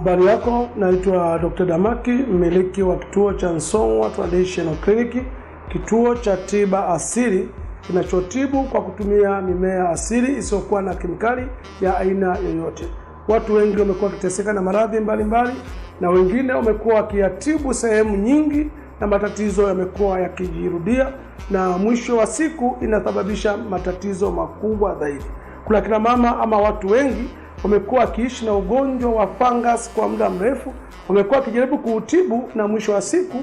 Habari yako, naitwa Dr. Damaki, mmiliki wa kituo cha nsongwa Traditional Clinic, kituo cha tiba asili kinachotibu kwa kutumia mimea asili isiyokuwa na kemikali ya aina yoyote. Watu wengi wamekuwa wakiteseka na maradhi mbalimbali, na wengine wamekuwa wakiyatibu sehemu nyingi, na matatizo yamekuwa yakijirudia, na mwisho wa siku inasababisha matatizo makubwa zaidi. Kuna kina mama ama watu wengi wamekuwa wakiishi na ugonjwa wa fungus kwa muda mrefu, wamekuwa wakijaribu kuutibu, na mwisho wa siku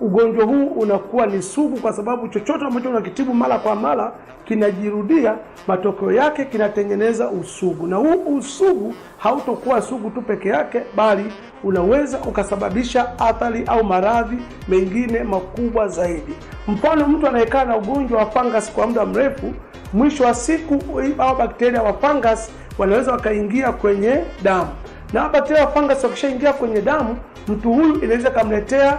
ugonjwa huu unakuwa ni sugu, kwa sababu chochote ambacho unakitibu mara kwa mara kinajirudia, matokeo yake kinatengeneza usugu, na huu usugu hautokuwa sugu tu peke yake, bali unaweza ukasababisha athari au maradhi mengine makubwa zaidi. Mfano, mtu anayekaa na ugonjwa wa fungus kwa muda mrefu, mwisho wa siku au bakteria wa fungus wanaweza wakaingia kwenye damu, na bakteria fungus wakishaingia kwenye damu, mtu huyu inaweza ikamletea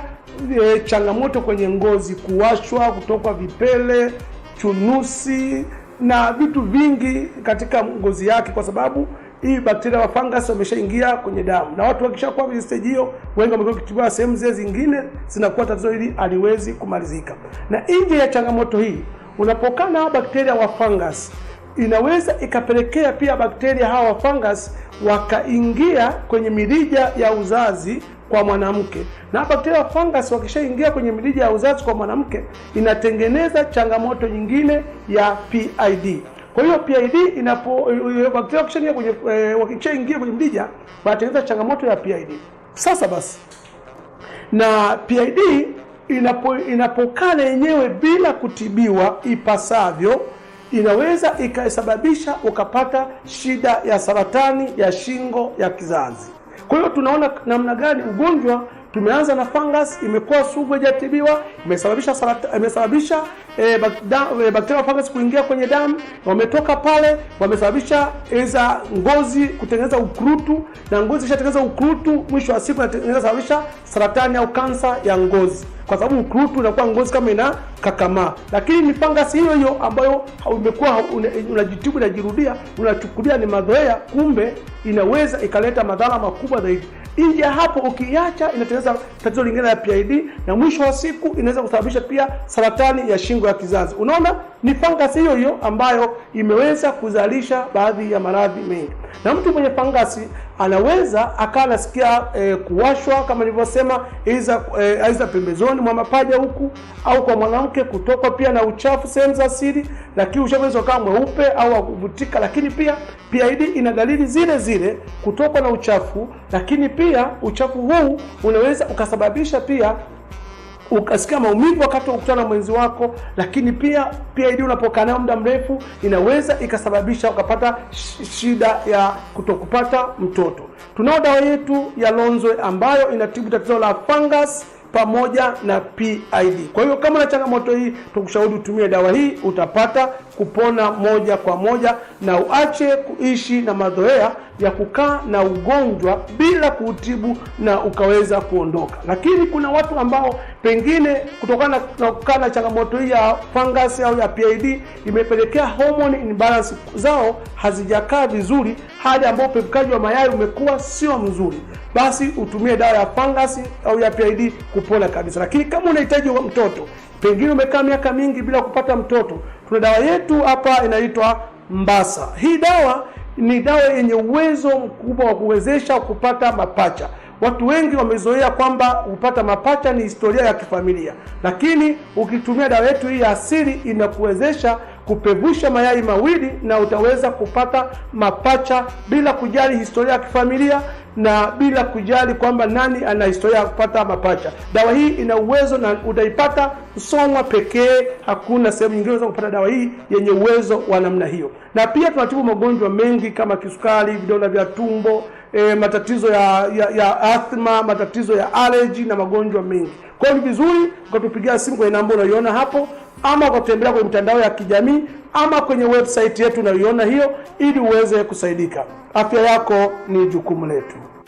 e, changamoto kwenye ngozi, kuwashwa, kutoka vipele, chunusi na vitu vingi katika ngozi yake, kwa sababu hii bakteria wa fungus wameshaingia kwenye damu. Na watu wakishakuwa kwenye stage hiyo, wengi wamekuwa kitibiwa sehemu zile zingine, zinakuwa tatizo hili aliwezi kumalizika. Na nje ya changamoto hii, unapokaa na bakteria wa fungus inaweza ikapelekea pia bakteria hawa fungus wakaingia kwenye mirija ya uzazi kwa mwanamke, na bakteria fungus wakishaingia kwenye mirija ya uzazi kwa mwanamke inatengeneza changamoto nyingine ya PID. Kwa hiyo PID inapo eh, eh, bakteria wakishaingia kwenye eh, wakishaingia kwenye mirija wanatengeneza changamoto ya PID. Sasa basi, na PID inapo inapokaa yenyewe bila kutibiwa ipasavyo inaweza ikasababisha ukapata shida ya saratani ya shingo ya kizazi. Kwa hiyo tunaona namna gani ugonjwa Tumeanza na fungus, imekuwa sugu, haijatibiwa, imesababisha imesababisha e, eh, bakteria eh, fungus kuingia kwenye damu, wametoka pale, wamesababisha eza ngozi kutengeneza ukurutu, na ngozi ishatengeneza ukurutu, mwisho wa siku inatengeneza sababisha saratani au kansa ya ngozi, kwa sababu ukurutu unakuwa ngozi kama ina kakamaa. Lakini ni fungus hiyo hiyo ambayo imekuwa unajitibu, unajirudia, unachukulia ni mazoea, kumbe inaweza ikaleta madhara makubwa zaidi. Ija hapo ukiacha inatengeneza tatizo lingine la PID, na mwisho wa siku inaweza kusababisha pia saratani ya shingo ya kizazi. Unaona, ni fangasi hiyo hiyo ambayo imeweza kuzalisha baadhi ya maradhi mengi, na mtu mwenye fangasi anaweza akawa anasikia e, kuwashwa kama nilivyosema, iza e, eh, pembezoni mwa mapaja huku, au kwa mwanamke kutokwa pia na uchafu sehemu za siri, lakini uchafu unaweza ukawa mweupe au kuvutika. Lakini pia PID ina dalili zile zile, kutokwa na uchafu, lakini pia uchafu huu unaweza uka inasababisha pia ukasikia maumivu wakati wa kukutana na mwenzi wako, lakini pia PID unapokaa nayo muda mrefu inaweza ikasababisha ukapata shida ya kutokupata mtoto. Tunao dawa yetu ya Lonzwe ambayo inatibu tatizo la fungus pamoja na PID. Kwa hiyo kama na changamoto hii, tukushauri utumie dawa hii, utapata kupona moja kwa moja na uache kuishi na mazoea ya kukaa na ugonjwa bila kuutibu na ukaweza kuondoka. Lakini kuna watu ambao pengine kutokana na kukaa na changamoto hii ya fungus au ya PID imepelekea hormone imbalance zao hazijakaa vizuri, hali ambayo upevikaji wa mayai umekuwa sio mzuri basi utumie dawa ya fangasi au ya PID kupona kabisa. Lakini kama unahitaji mtoto, pengine umekaa miaka mingi bila kupata mtoto, tuna dawa yetu hapa inaitwa Mbasa. Hii dawa ni dawa yenye uwezo mkubwa wa kuwezesha kupata mapacha. Watu wengi wamezoea kwamba kupata mapacha ni historia ya kifamilia, lakini ukitumia dawa yetu hii ya asili inakuwezesha kupevusha mayai mawili na utaweza kupata mapacha bila kujali historia ya kifamilia, na bila kujali kwamba nani ana historia ya kupata mapacha. Dawa hii ina uwezo na utaipata Song'wa pekee, hakuna sehemu nyingine unaweza kupata dawa hii yenye uwezo wa namna hiyo. Na pia tunatibu magonjwa mengi kama kisukari, vidonda vya tumbo e, matatizo ya, ya ya athma, matatizo ya allergy na magonjwa mengi. Kwa hiyo ni vizuri ukatupigia simu kwenye namba unaiona hapo, ama ukatutembelea kwenye mitandao ya kijamii ama kwenye website yetu unayoiona hiyo, ili uweze kusaidika. Afya yako ni jukumu letu.